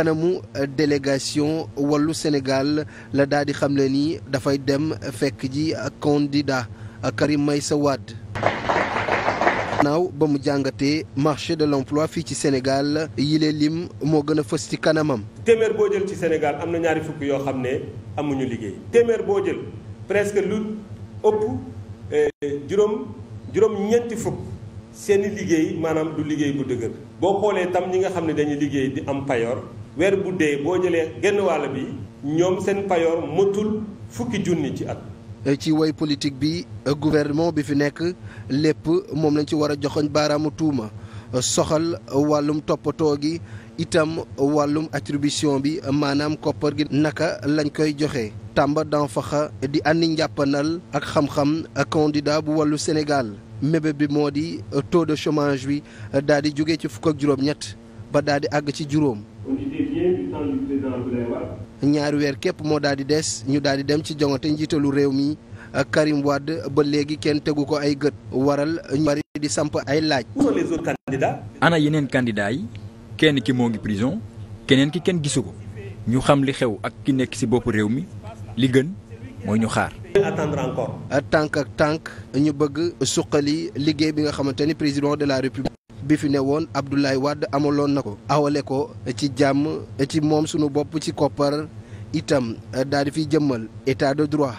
kanamu euh, délégation wallu Sénégal la daal di xamle nii dafay dem fekk ji candidat euh, Karim Meïssa Wade naaw ba mu jàngatee marché de l'emploi fii ci Sénégal yile lim moo gën a fës ci kanamam. téeméer boo jël ci Sénégal am na ñaari fukk yoo xam ne amuñu liggéey téeméer boo jël presque lu ëpp euh, juróom juróom-ñeenti fukk seeni liggéey maanaam du liggéey bu dëgër boo xoolee tam ñi nga xam ne dañuy liggéey di am payoor. weer bu boo jëlee genn wàll bi ñoom seen payoor motul fukki junni ci at. Eh, ci woy politique bi eh, gouvernement bi fi nekk lépp moom lañ ci war a joxoñ baaraamu tuuma eh, soxal wàllum toppatoo gi itam wàllum attribution bi maanaam koppar gi naka lañ koy joxe. Tamba Danfakha di àndi njàppandal ak xam-xam ak candidat bu wàllu Sénégal mébéb bi moo di taux de chômage bi daal di jóge ci fukk ak juróom-ñett ba daal di àgg ci juróom. ñaari weer képp moo daal di des ñu daal di dem ci jongate njiitalu réew mi Karim Wade ba léegi kenn tegu ko ay gët waral ñu bari di samp ay laaj. ana yeneen candidats yi kenn ki moo ngi prison keneen ki kenn gisu ko ñu xam li xew ak ki nekk ci bopp réew mi li gën mooy ñu xaar. attendre encore. tànk ak tànk ñu bëgg suqali liggéey bi nga xamante ni président de la république. bi fi ne woon Abdoulaye wadd amaloon na ko awale ko ci jàmm ci moom sunu bopp ci koppar itam eh, daal di fiy jëmmal état de droit